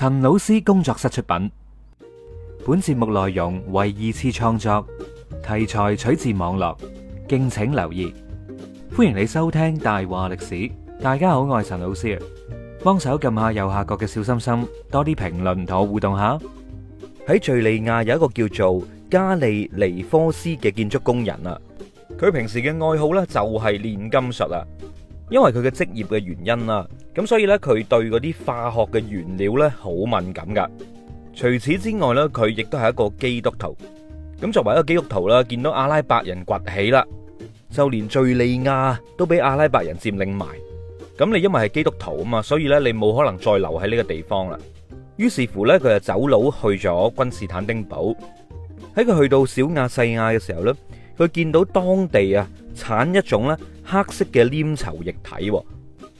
陳老師工作室出品，本節目內容為二次創作，題材取自網絡，敬請留意。歡迎你收聽大話歷史。大家好，我係陳老師啊，幫手撳下右下角嘅小心心，多啲評論同我互動下。喺敘利亞有一個叫做加利尼科斯嘅建築工人啊，佢平時嘅愛好咧就係煉金術啊，因為佢嘅職業嘅原因咁所以呢，佢對嗰啲化學嘅原料呢，好敏感噶。除此之外呢，佢亦都係一個基督徒。咁作為一個基督徒啦，見到阿拉伯人崛起啦，就連敘利亞都俾阿拉伯人占領埋。咁你因為係基督徒啊嘛，所以呢，你冇可能再留喺呢個地方啦。於是乎呢，佢就走佬去咗君士坦丁堡。喺佢去到小亞細亞嘅時候呢，佢見到當地啊產一種呢黑色嘅黏稠液體。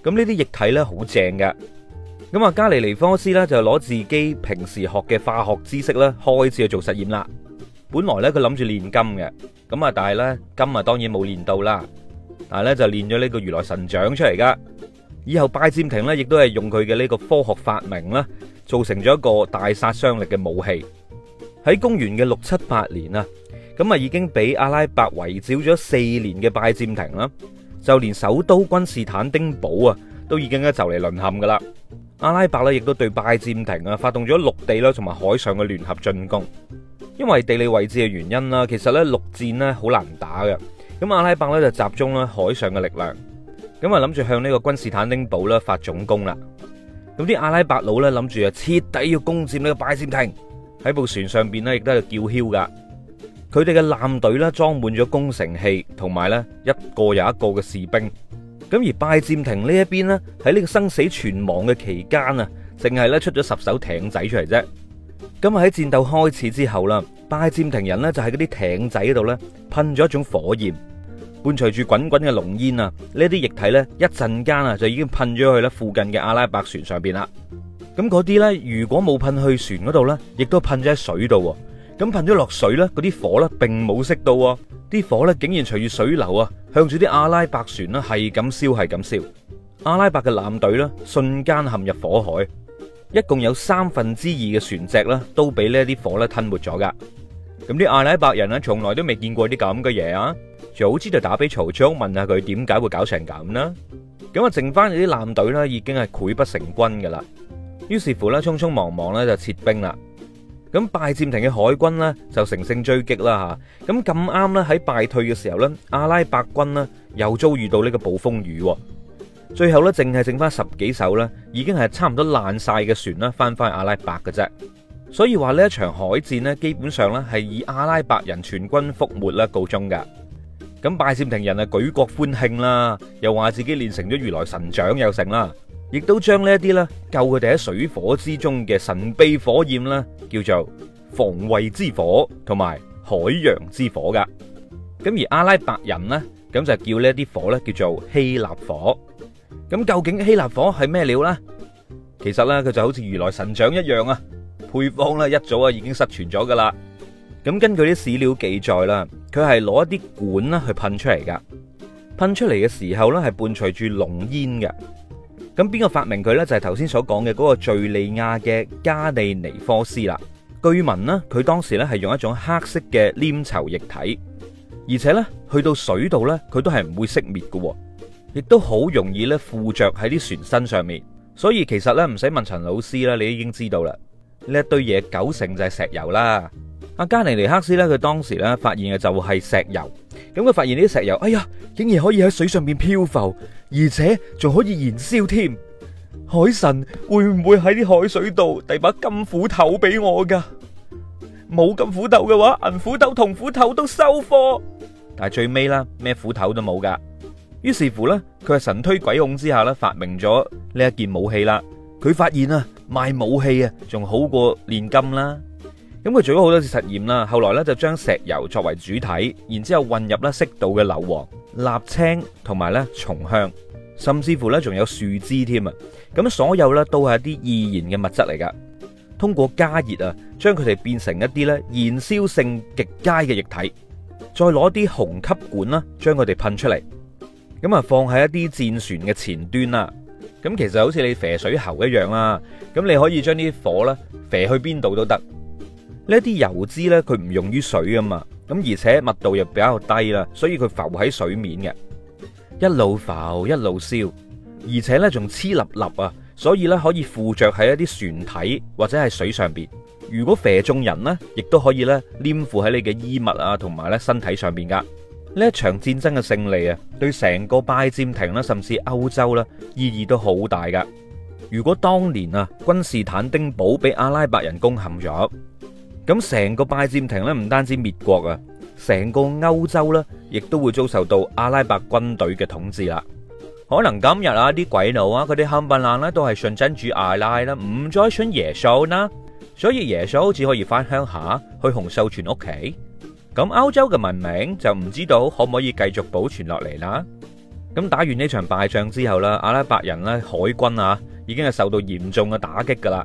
咁呢啲液體咧好正㗎，咁啊加利尼科斯咧就攞自己平時學嘅化學知識咧開始去做實驗啦。本來咧佢諗住煉金嘅，咁啊但係咧金啊當然冇煉到啦，但係咧就煉咗呢個如來神掌出嚟噶。以後拜占庭咧亦都係用佢嘅呢個科學發明啦，做成咗一個大殺傷力嘅武器。喺公元嘅六七八年啊，咁啊已經俾阿拉伯圍剿咗四年嘅拜占庭啦。就連首都君士坦丁堡啊，都已經咧就嚟淪陷噶啦！阿拉伯咧，亦都對拜占庭啊發動咗陸地啦，同埋海上嘅聯合進攻。因為地理位置嘅原因啦，其實咧陸戰呢好難打嘅。咁阿拉伯咧就集中咧海上嘅力量，咁啊諗住向呢個君士坦丁堡咧發總攻啦。咁啲阿拉伯佬咧諗住啊徹底要攻佔呢個拜占庭，喺部船上邊咧亦都係叫囂噶。佢哋嘅艦隊咧裝滿咗攻城器，同埋咧一個又一個嘅士兵。咁而拜占庭呢一邊咧喺呢個生死存亡嘅期間啊，淨係咧出咗十艘艇仔出嚟啫。咁啊喺戰鬥開始之後啦，拜占庭人咧就喺嗰啲艇仔度咧噴咗一種火焰，伴隨住滾滾嘅濃煙啊。呢啲液體咧一陣間啊就已經噴咗去咧附近嘅阿拉伯船上邊啦。咁嗰啲咧如果冇噴去船嗰度咧，亦都噴咗喺水度。咁噴咗落水啦，嗰啲火咧並冇熄到喎，啲火咧竟然隨住水流啊，向住啲阿拉伯船啦係咁燒係咁燒，阿拉伯嘅艦隊咧瞬間陷入火海，一共有三分之二嘅船隻啦都俾呢啲火咧吞沒咗噶。咁啲阿拉伯人咧從來都未見過啲咁嘅嘢啊，早知就打俾曹操問下佢點解會搞成咁啦。咁啊，剩翻嗰啲艦隊啦，已經係潰不成軍噶啦。於是乎咧，匆匆忙忙咧就撤兵啦。咁拜占庭嘅海軍就乘勝追擊啦吓，咁咁啱喺敗退嘅時候咧，阿拉伯軍又遭遇到呢個暴風雨，最後呢淨係剩翻十幾艘咧，已經係差唔多爛晒嘅船啦，翻翻阿拉伯嘅啫。所以話呢一場海戰呢基本上呢係以阿拉伯人全軍覆沒告終噶。咁拜占庭人啊舉國歡慶啦，又話自己練成咗如來神掌又成啦。亦都將呢一啲咧救佢哋喺水火之中嘅神秘火焰咧，叫做防衛之火同埋海洋之火噶。咁而阿拉伯人呢，咁就叫呢一啲火咧叫做希臘火。咁究竟希臘火係咩料咧？其實咧，佢就好似如來神掌一樣啊！配方咧一早啊已經失傳咗噶啦。咁根據啲史料記載啦，佢係攞一啲管啦去噴出嚟噶，噴出嚟嘅時候咧係伴隨住濃煙嘅。咁邊個發明佢呢？就係頭先所講嘅嗰個敘利亞嘅加利尼科斯啦。據聞呢，佢當時呢係用一種黑色嘅黏稠液體，而且呢，去到水度呢，佢都係唔會熄滅嘅，亦都好容易呢附着喺啲船身上面。所以其實呢，唔使問陳老師啦，你已經知道啦。呢一堆嘢九成就係石油啦。阿加尼尼克斯咧，佢當時咧發現嘅就係石油。咁佢發現呢啲石油，哎呀，竟然可以喺水上邊漂浮，而且仲可以燃燒添。海神會唔會喺啲海水度遞把金斧頭俾我噶？冇金斧頭嘅話，銀斧頭、銅斧頭都收貨。但係最尾啦，咩斧頭都冇噶。於是乎咧，佢係神推鬼哄之下咧，發明咗呢一件武器啦。佢發現啊，賣武器啊，仲好過煉金啦。咁佢做咗好多次實驗啦，後來咧就將石油作為主體，然之後混入咧適度嘅硫磺、瀝青同埋咧松香，甚至乎咧仲有樹枝添啊！咁所有咧都係一啲易燃嘅物質嚟噶。通過加熱啊，將佢哋變成一啲咧燃燒性極佳嘅液體，再攞啲銅吸管啦，將佢哋噴出嚟，咁啊放喺一啲戰船嘅前端啦。咁其實好似你肥水喉一樣啦，咁你可以將啲火咧肥去邊度都得。呢啲油脂呢，佢唔溶於水啊嘛，咁而且密度又比較低啦，所以佢浮喺水面嘅，一路浮一路燒，而且呢仲黐立立啊，所以呢可以附着喺一啲船體或者喺水上邊。如果射中人呢，亦都可以呢黏附喺你嘅衣物啊同埋呢身體上邊噶。呢一場戰爭嘅勝利啊，對成個拜占庭啦，甚至歐洲啦意義都好大噶。如果當年啊君士坦丁堡俾阿拉伯人攻陷咗。咁成個拜占庭咧，唔單止滅國啊，成個歐洲咧，亦都會遭受到阿拉伯軍隊嘅統治啦。可能今日啊，啲鬼佬啊，佢哋冚唪唥咧都係信真主阿拉啦，唔再信耶穌啦。所以耶穌只可以翻鄉下去洪秀全屋企。咁歐洲嘅文明就唔知道可唔可以繼續保存落嚟啦。咁打完呢場敗仗之後啦，阿拉伯人呢，海軍啊，已經係受到嚴重嘅打擊噶啦。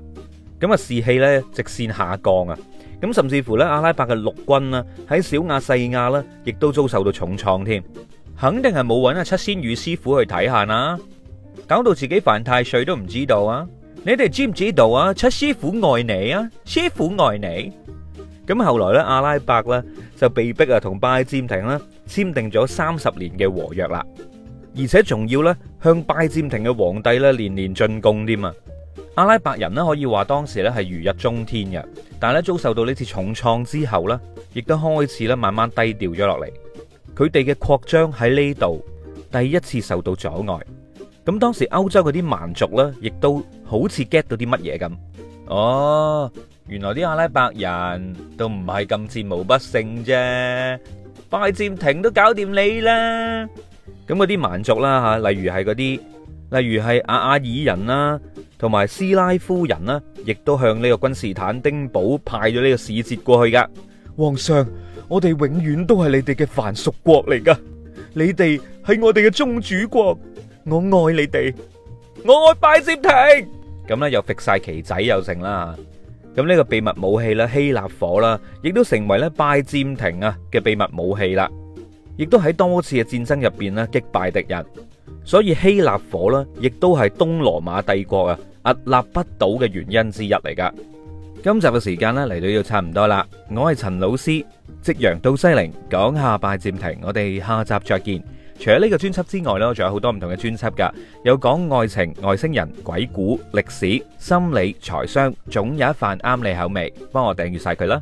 咁啊士氣呢，直綫下降啊！咁甚至乎咧，阿拉伯嘅陸軍啊，喺小亞細亞啦，亦都遭受到重創添，肯定係冇搵阿七仙羽師傅去睇下啦，搞到自己犯太歲都唔知道啊！你哋知唔知道啊？七師傅愛你啊，師傅愛你。咁後來咧，阿拉伯咧就被逼啊，同拜占庭啦簽訂咗三十年嘅和約啦，而且仲要咧向拜占庭嘅皇帝咧年年進貢添啊！阿拉伯人咧可以話當時咧係如日中天嘅，但係咧遭受到呢次重創之後咧，亦都開始咧慢慢低調咗落嚟。佢哋嘅擴張喺呢度第一次受到阻礙。咁當時歐洲嗰啲蠻族呢，亦都好似 get 到啲乜嘢咁哦，原來啲阿拉伯人都唔係咁戰無不勝啫，拜占庭都搞掂你啦。咁嗰啲蠻族啦吓，例如係嗰啲，例如係阿阿爾人啦。同埋，斯拉夫人呢，亦都向呢個君士坦丁堡派咗呢個使節過去噶皇上，我哋永遠都係你哋嘅附屬國嚟噶，你哋係我哋嘅宗主國，我愛你哋，我愛拜占庭。咁咧又揈晒旗仔又成啦。咁呢個秘密武器啦，希臘火啦，亦都成為咧拜占庭啊嘅秘密武器啦，亦都喺多次嘅戰爭入邊咧擊敗敵人。所以希臘火啦，亦都係東羅馬帝國啊。屹立不倒嘅原因之一嚟噶，今集嘅時間咧嚟到要差唔多啦。我係陳老師，夕陽到西寧講下拜占庭，我哋下集再見。除咗呢個專輯之外呢，仲有好多唔同嘅專輯噶，有講愛情、外星人、鬼故、歷史、心理、財商，總有一份啱你口味。幫我訂閱晒佢啦。